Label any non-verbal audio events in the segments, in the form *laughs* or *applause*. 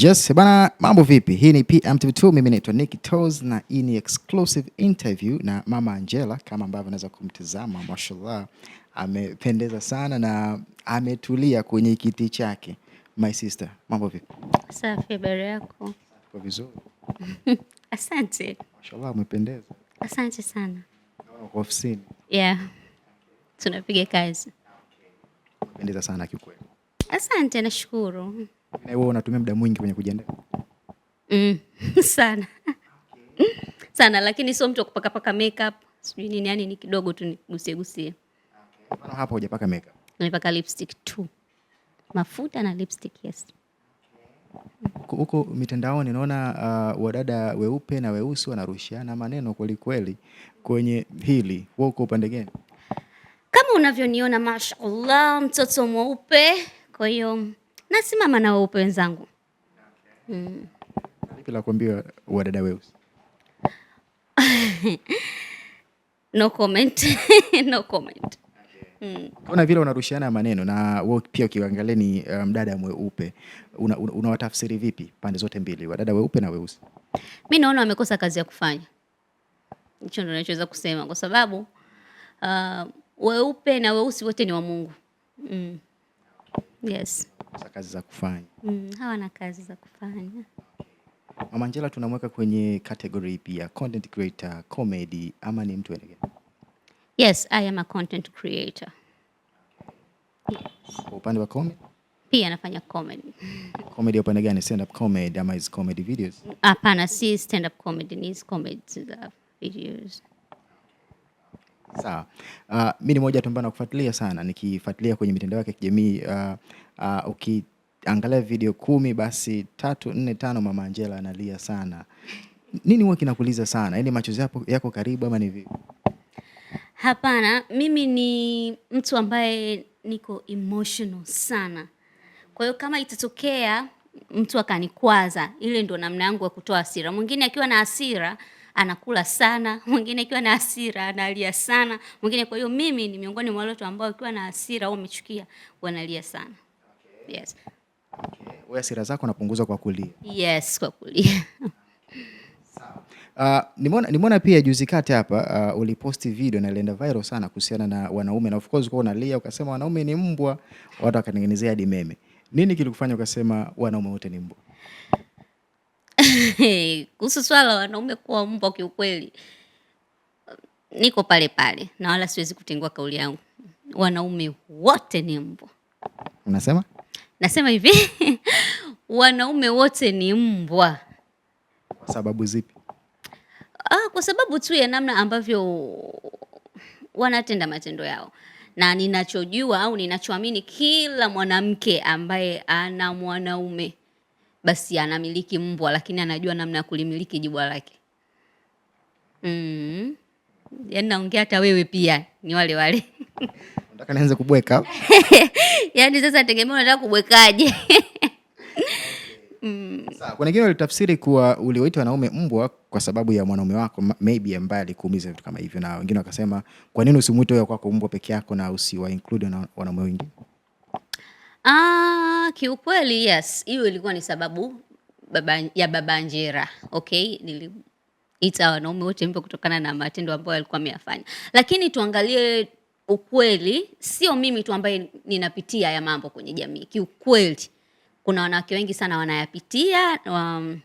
Yes, bana mambo vipi? Hii ni PMTV2, mimi naitwa Nick Toes na hii ni exclusive interview na Mama Angela kama ambavyo unaweza kumtizama, mashallah amependeza sana na ametulia kwenye kiti chake. My sister, mambo vipi? Safi, habari yako? Kwa vizuri. *laughs* Asante. Mashallah umependeza. Asante sana. Kwa ofisini. Yeah. Tunapiga kazi. Umependeza sana kiukweli. Asante, nashukuru. Na wewe unatumia muda mwingi kwenye kujiandaa? Mm, *laughs* sana. Okay. Sana lakini sio mtu wa kupaka paka makeup, sijui nini yani ni kidogo tu nigusie gusie. Okay. Bana hapo hujapaka makeup. Nimepaka lipstick tu. Mafuta na lipstick, yes. Huko mitandaoni naona uh, wadada weupe na weusi wanarushiana maneno kweli kweli kwenye hili. Wewe uko upande gani? Kama unavyoniona, mashallah mtoto mweupe, kwa hiyo nasimama na weupe wenzangu. Hmm. Bila kuambia wadada weusi *laughs* no comment. *laughs* no comment. Mm. Kuna vile unarushiana maneno na wewe pia ukiangalia ni uh, mdada um, mweupe unawatafsiri una vipi pande zote mbili wadada weupe na weusi? Mi naona wamekosa kazi ya kufanya, hicho ndio nachoweza kusema kwa sababu uh, weupe na weusi wote ni wa Mungu. Mm. Yes wanakosa kazi za kufanya. Mm, hawana kazi za kufanya. Mama Angela tunamweka kwenye category ipi ya content creator, comedy ama ni mtu mwingine? Yes, I am a content creator. Yes. Kwa upande wa comedy? Pia anafanya comedy. Comedy upande gani? Stand up comedy ama is comedy videos? Hapana, si stand up comedy, ni is comedy za videos. Sawa. Uh, ah, mimi ni mmoja tu ambaye nakufuatilia sana nikifuatilia kwenye mitandao ya kijamii uh, uh, ukiangalia video kumi basi tatu nne tano mama Angela analia sana. Nini huwa kinakuliza sana? Yaani machozi yako yako karibu ama ni vipi? Hapana, mimi ni mtu ambaye niko emotional sana. Kwa hiyo kama itatokea mtu akanikwaza, ile ndo namna yangu ya kutoa hasira. Mwingine akiwa na hasira anakula sana, *laughs* mwingine akiwa na hasira analia sana, mwingine. Kwa hiyo mimi ni miongoni mwa watu ambao akiwa na hasira au umechukia wanalia sana yes. Okay. Wewe hasira zako napunguza kwa kulia? Yes, kwa kulia. Uh, nimeona nimeona pia juzi kati hapa uh, uliposti video na ilienda viral sana kuhusiana na wanaume na of course kwa unalia ukasema wanaume ni mbwa, watu wakatengenezea hadi meme. Nini kilikufanya ukasema wanaume wote ni mbwa? *laughs* Kuhusu swala wanaume kuwa mbwa, kiukweli niko pale pale na wala siwezi kutengua kauli yangu, wanaume wote ni mbwa. Unasema? Nasema hivi *laughs* wanaume wote ni mbwa. Kwa sababu zipi? Ah, kwa sababu tu ya namna ambavyo wanatenda matendo yao, na ninachojua au ninachoamini, kila mwanamke ambaye ana mwanaume basi anamiliki mbwa, lakini anajua namna ya kulimiliki jibwa lake. Mm. Yaani naongea hata wewe pia ni wale wale *laughs* Nataka nianze kubweka. *laughs* Yaani sasa tegemea unataka kubwekaje? *laughs* Mm. Sasa kuna wengine ulitafsiri kuwa uliwaita wanaume mbwa kwa sababu ya mwanaume wako maybe ambaye alikuumiza vitu kama hivyo, na wengine wakasema kwa nini usimuite wewe kwako mbwa peke yako na usiwa include na wanaume wengine? Ah, kiukweli yes, hiyo ilikuwa ni sababu baba, ya baba Njera. Okay, niliita wanaume wote mbwa kutokana na matendo ambayo alikuwa ameyafanya, lakini tuangalie ukweli sio mimi tu ambaye ninapitia haya mambo kwenye jamii. Kiukweli kuna wanawake wengi sana wanayapitia um,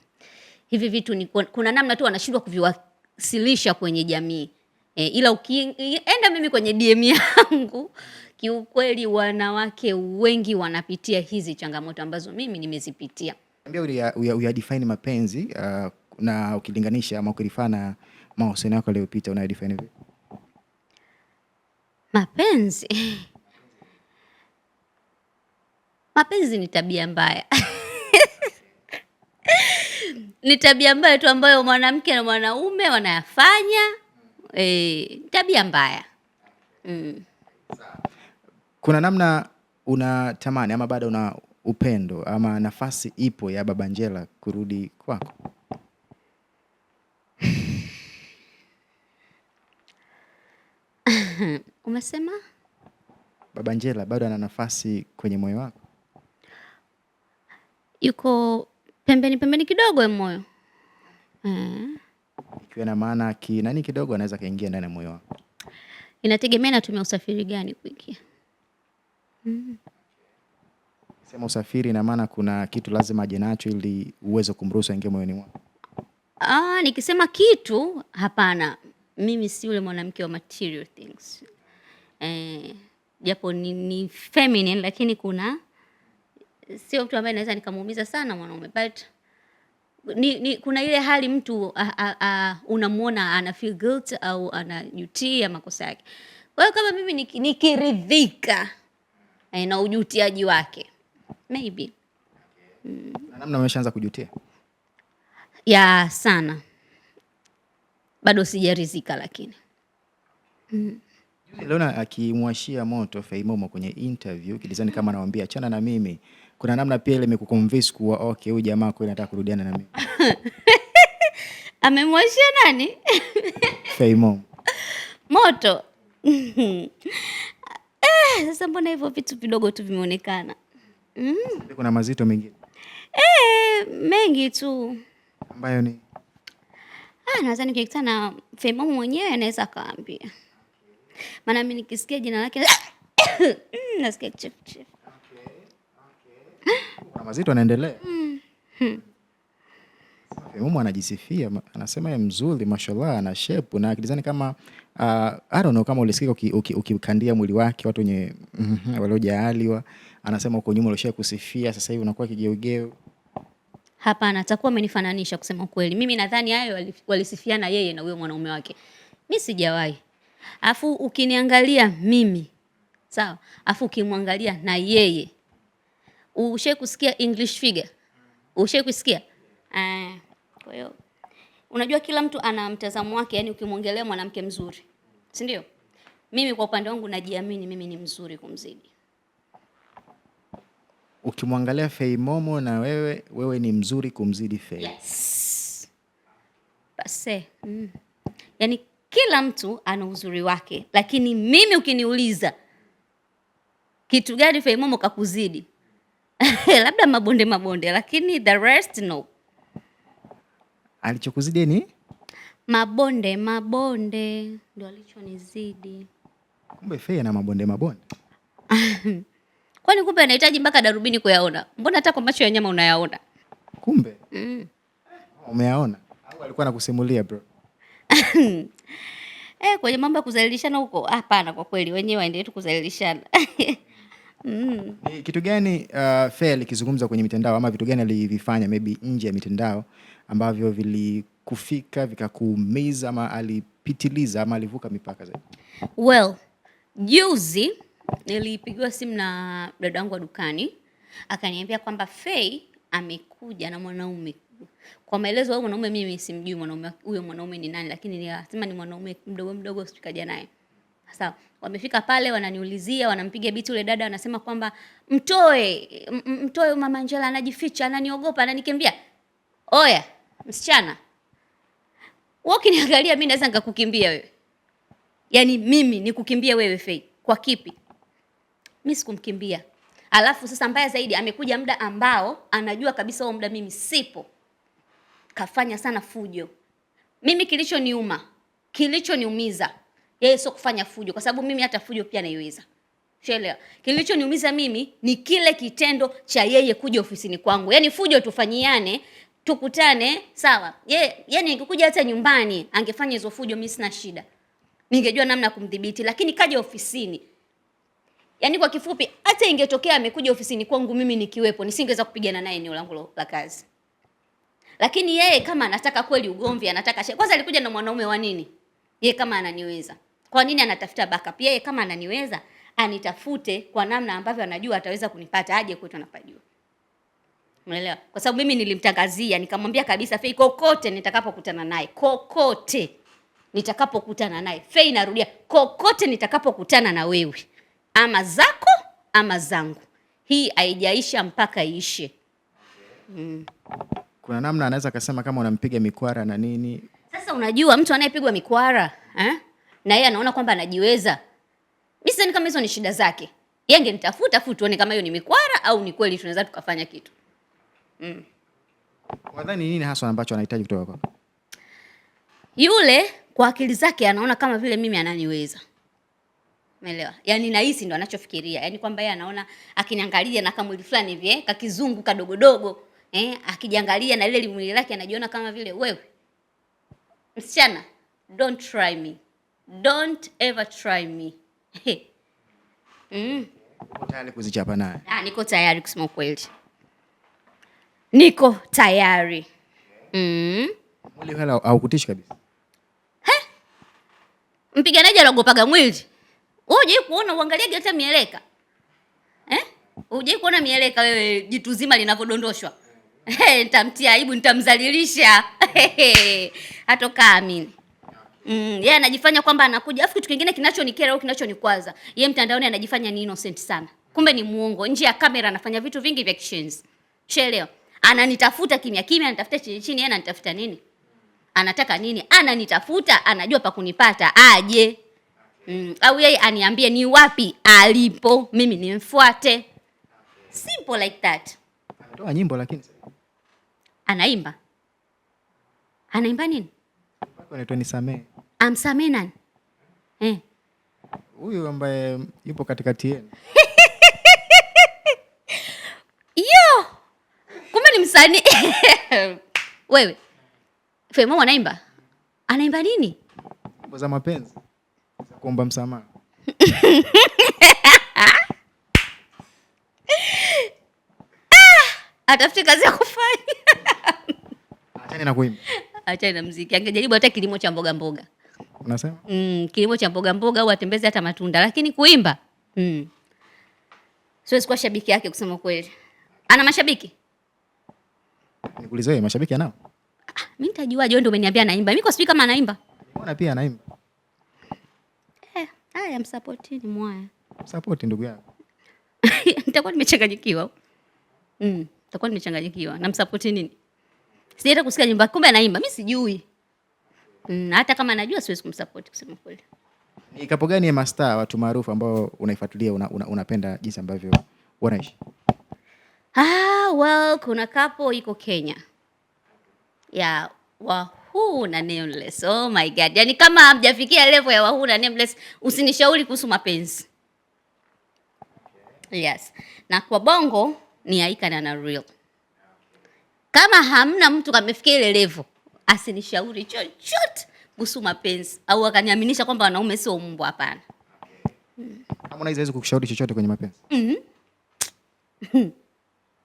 hivi vitu ni, kuna namna tu wanashindwa kuviwasilisha kwenye jamii e, ila ukienda mimi kwenye DM yangu kiukweli, wanawake wengi wanapitia hizi changamoto ambazo mimi nimezipitia. Ambia uyadefine mapenzi uh, na ukilinganisha ama ukirifana mahusiano yako aliyopita unayadefine vipi? Mapenzi? *laughs* Mapenzi ni tabia mbaya *laughs* ni tabia mbaya tu ambayo mwanamke na mwanaume wanayafanya. E, tabia mbaya mm. Kuna namna unatamani ama bado una upendo ama nafasi ipo ya Baba Njela kurudi kwako? *laughs* Umesema Baba Njela bado ana nafasi kwenye moyo wako? Yuko pembeni pembeni kidogo ya moyo mm. Ikiwa na maana nani kidogo anaweza kaingia ndani ya moyo wako, inategemea natumia usafiri gani kuingia mm. Sema usafiri, ina maana kuna kitu lazima aje nacho ili uweze kumruhusu aingie moyoni mwako. Ah, nikisema kitu, hapana, mimi si yule mwanamke wa material things eh, japo ni, ni feminine lakini kuna sio mtu ambaye naweza nikamuumiza sana mwanaume but ni, ni kuna ile hali mtu unamwona ana feel guilt au anajutia makosa yake. Kwa hiyo kama mimi nikiridhika eh, na ujutiaji wake maybe Na namna umeshaanza kujutia ya sana, bado sijaridhika lakini mm. Leona akimwashia moto Feimomo kwenye interview, Kidizani kama anamwambia achana na mimi, kuna namna pia ile imekukonvince kuwa okay, huyu jamaa kweli anataka kurudiana na mimi. *laughs* Amemwashia nani? *laughs* Feimomo moto *laughs* Eh, sasa mbona hivyo vitu vidogo tu vimeonekana? Mm. Kuna mazito mengine eh, mengi tu ambayo ni ah, nadhani nikikutana na mwenyewe anaweza akaambia maana mi nikisikia jina lake *coughs* nasikia kichefuchefu. Mazito anaendelea mm-hmm. Umu anajisifia anasema ye mzuri, mashallah, ana shepu na akilizani kama uh, I don't know kama ulisikia ukikandia uki, uki mwili wake watu wenye mm -hmm, waliojaaliwa. Anasema uko nyuma ulishia kusifia, sasa hivi unakuwa kigeugeu. Hapana, atakuwa amenifananisha kusema kweli. Mimi nadhani hayo walisifiana yeye na huyo mwanaume wake, mi sijawahi Alafu ukiniangalia mimi sawa, alafu ukimwangalia na yeye. ushe kusikia English figure? ushe kusikia? Uh, kwa hiyo unajua kila mtu ana mtazamo wake, yani ukimwongelea mwanamke mzuri, si ndio? Mimi kwa upande wangu najiamini mimi ni mzuri kumzidi. Ukimwangalia Fei Momo na wewe, wewe ni mzuri kumzidi Fei. Yes. Basi. Mm. Yaani kila mtu ana uzuri wake, lakini mimi ukiniuliza kitu gani Feimomo kakuzidi, *laughs* labda mabonde mabonde, lakini the rest no. Alichokuzidi ni mabonde mabonde, ndio alichonizidi. Kumbe Fei ana mabonde mabonde *laughs* kwani kumbe anahitaji mpaka darubini kuyaona? Mbona hata kwa macho ya nyama unayaona? Kumbe mm. Umeyaona au alikuwa anakusimulia bro? *laughs* *laughs* Eh, kwenye mambo ya kuzalilishana huko hapana, kwa kweli wenyewe waendelee tu kuzalilishana. *laughs* Mm. kitu gani uh, Fea alikizungumza kwenye mitandao ama vitu gani alivifanya maybe nje ya mitandao ambavyo vilikufika vikakuumiza ama alipitiliza ama alivuka mipaka zaidi? Well, juzi nilipigiwa simu na dada wangu wa dukani akaniambia kwamba Fei amekuja na mwanaume kwa maelezo hayo mwanaume, mimi simjui mwanaume huyo mwanaume ni nani, lakini nilisema ni mwanaume mdogo mdogo, sikaja naye. Sasa wamefika pale, wananiulizia, wanampiga biti ule dada, wanasema kwamba mtoe, mtoe, mama Angela anajificha, ananiogopa, ananikimbia. Oya msichana, wewe ukiniangalia mimi naweza nikakukimbia wewe, yani mimi nikukimbia wewe Fei, kwa kipi? Mimi sikumkimbia. Alafu sasa mbaya zaidi amekuja muda ambao anajua kabisa huo muda mimi sipo kafanya sana fujo. Mimi kilichoniuma, kilichoniumiza yeye sio kufanya fujo, kwa sababu mimi hata fujo pia naiweza. Shelewa, kilichoniumiza mimi ni kile kitendo cha yeye kuja ofisini kwangu, yaani fujo tufanyiane tukutane sawa. Yeye yani angekuja hata nyumbani angefanya hizo fujo, mimi sina shida, ningejua namna kumdhibiti, lakini kaja ofisini. Yaani kwa kifupi, hata ingetokea amekuja ofisini kwangu mimi nikiwepo, nisingeweza kupigana naye eneo langu la kazi. Lakini yeye kama anataka kweli ugomvi, anataka shida. Kwanza alikuja na mwanaume wa nini? Yeye kama ananiweza. Kwa nini anatafuta backup? Yeye kama ananiweza, anitafute kwa namna ambavyo anajua ataweza kunipata aje kwetu anapajua. Unaelewa? Kwa sababu mimi nilimtangazia, nikamwambia kabisa Fei kokote nitakapokutana naye, kokote nitakapokutana naye. Fei narudia, kokote nitakapokutana na wewe. Ama zako ama zangu. Hii haijaisha mpaka iishe. Mm kuna namna anaweza akasema kama unampiga mikwara na nini. Sasa unajua mtu anayepigwa mikwara eh? na yeye anaona kwamba anajiweza. Mimi sidhani kama hizo ni shida zake, yeye angenitafuta afu tuone kama hiyo ni mikwara au ni kweli tunaweza tukafanya kitu mm. Wadhani nini hasa ambacho anahitaji kutoka kwako? Yule kwa akili zake anaona kama vile mimi ananiweza. Umeelewa? Yaani nahisi ndo anachofikiria. Yaani kwamba yeye anaona akiniangalia na kama kamwili fulani hivi, eh, kakizungu kadogodogo eh, akijiangalia na lile limwili lake anajiona kama vile wewe. Msichana, don't try me, don't ever try me *laughs* mm. Niko tayari kuzichapa naye. Ah, niko tayari kusema kweli, niko tayari mm. Mwili wala haukutishi kabisa. Mpiganaji anaogopaga mwili. Wewe hujai kuona uangaliaje hata mieleka eh? Hujai kuona mieleka wewe, jitu zima linavodondoshwa nitamtia aibu, nitamzalilisha hatoka amini. Mm, yeye yeah, anajifanya kwamba anakuja. Alafu kitu kingine kinachonikera au kinachonikwaza, yeye mtandaoni anajifanya ni innocent sana, kumbe ni muongo. Nje ya kamera anafanya vitu vingi vya kishenzi, shelewa. Ananitafuta kimya kimya, anatafuta chini chini. Yeye anatafuta nini? Anataka nini? Ananitafuta, anajua pa kunipata aje. Mm, au yeye aniambie ni wapi alipo, mimi nimfuate, simple like that. Toa nyimbo lakini anaimba anaimba nini? Nisamehe. Amsamehe nani? Eh. Huyu ambaye yupo katikati yenu. *laughs* Yo! Kumbe ni msanii. *laughs* Wewe. Femo anaimba. Anaimba nini? za mapenzi. Kuomba msamaha. *laughs* atafute kazi ya kufanya achane na kuimba, achane na muziki. Angejaribu hata kilimo cha mboga mboga, unasema mm, kilimo cha mboga mboga au atembeze hata matunda, lakini kuimba mm. Siwezi kuwa shabiki yake kusema kweli. Ana mashabiki? Nikuulize mashabiki anao? Ah, ah mimi nitajuaje? Wewe ndio umeniambia anaimba. Mimi kwa sijui kama anaimba. Nimeona pia anaimba. Eh, haya msapoti ni mwaya. Msapoti ndugu yako. *laughs* Nitakuwa nimechanganyikiwa. Mm. Takuwa nimechanganyikiwa. Namsapoti nini? hata kusikia nyumba kumbe anaimba. mi sijui. Mm, hata kama najua siwezi kumsapoti kusema kweli. Ni kapo gani ya mastaa watu maarufu ambao unaifuatilia una, una, unapenda jinsi ambavyo wanaishi? Ah, well, kuna kapo iko Kenya. ya Wahuu na Nameless. Oh my God. Yaani kama hamjafikia level ya Wahuu na Nameless, usinishauri kuhusu mapenzi. Yes. Na kwa Bongo ni Aika na real. Kama hamna mtu kamefikia ile level, asinishauri chochote kuhusu mapenzi au akaniaminisha kwamba wanaume sio mbwa. Hapana. Harmonize hawezi kukushauri chochote kwenye mapenzi. Mhm.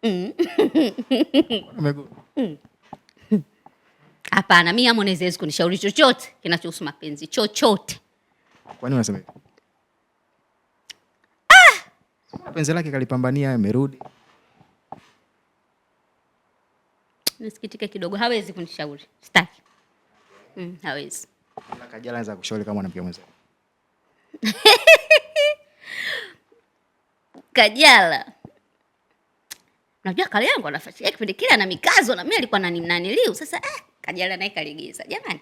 *laughs* Hapana, mimi Harmonize hawezi kunishauri chochote kinachohusu mapenzi chochote. Kwani unasema hivyo? Ah! Penzi lake kalipambania amerudi. nisikitike kidogo, hawezi kunishauri sitaki. Mm, hawezi Kajala anaweza kushauri kama anampikia mwenzako *laughs* Kajala najua kale yangu anafuatilia kipindi kile, ana mikazo na mimi alikuwa nanimnaniliu sasa. Eh, Kajala naye kalegeza jamani.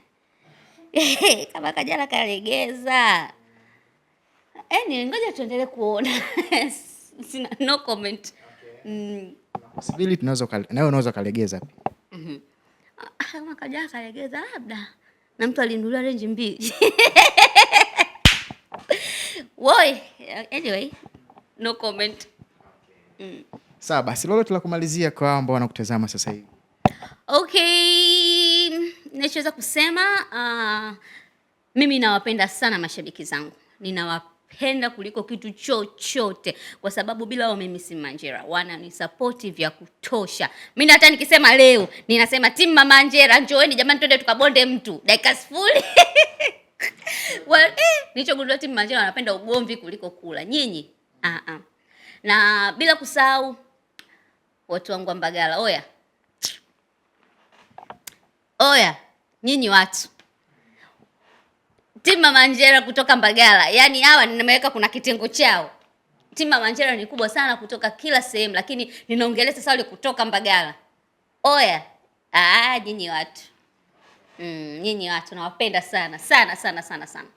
*laughs* kama Kajala kalegeza eh, ni yaani, ngoja tuendelee kuona *laughs* sina no comment okay. mm. Possibility tunaweza nawe unaweza kalegeza pia Mhm. Mwaka jana kalegeza labda na mtu alinunulia range mbili. *laughs* Woi, anyway, no comment. Mm. Sawa basi, lolote la kumalizia kwa ambao wanakutazama sasa hivi. Okay, nachoweza kusema uh, mimi nawapenda sana mashabiki zangu ninawapenda nakupenda kuliko kitu chochote, kwa sababu bila wao mimi si Manjera, wananisapoti vya kutosha. Mimi hata nikisema leo ninasema timu Mama Manjera, njoeni jamani, twende tukabonde mtu dakika sifuri. *laughs* Well, eh, nilichogundua timu Manjera wanapenda ugomvi kuliko kula nyinyi. Ah ah, na bila kusahau watu wangu wa Mbagala, oya oya, nyinyi watu Timu Mama Njera kutoka Mbagala, yaani hawa nimeweka kuna kitengo chao. Timu Mama Njera ni kubwa sana kutoka kila sehemu, lakini ninaongelea sasa wale kutoka Mbagala. Oya, ah, nyinyi watu mm, nyinyi watu nawapenda sana sana sana sana sana.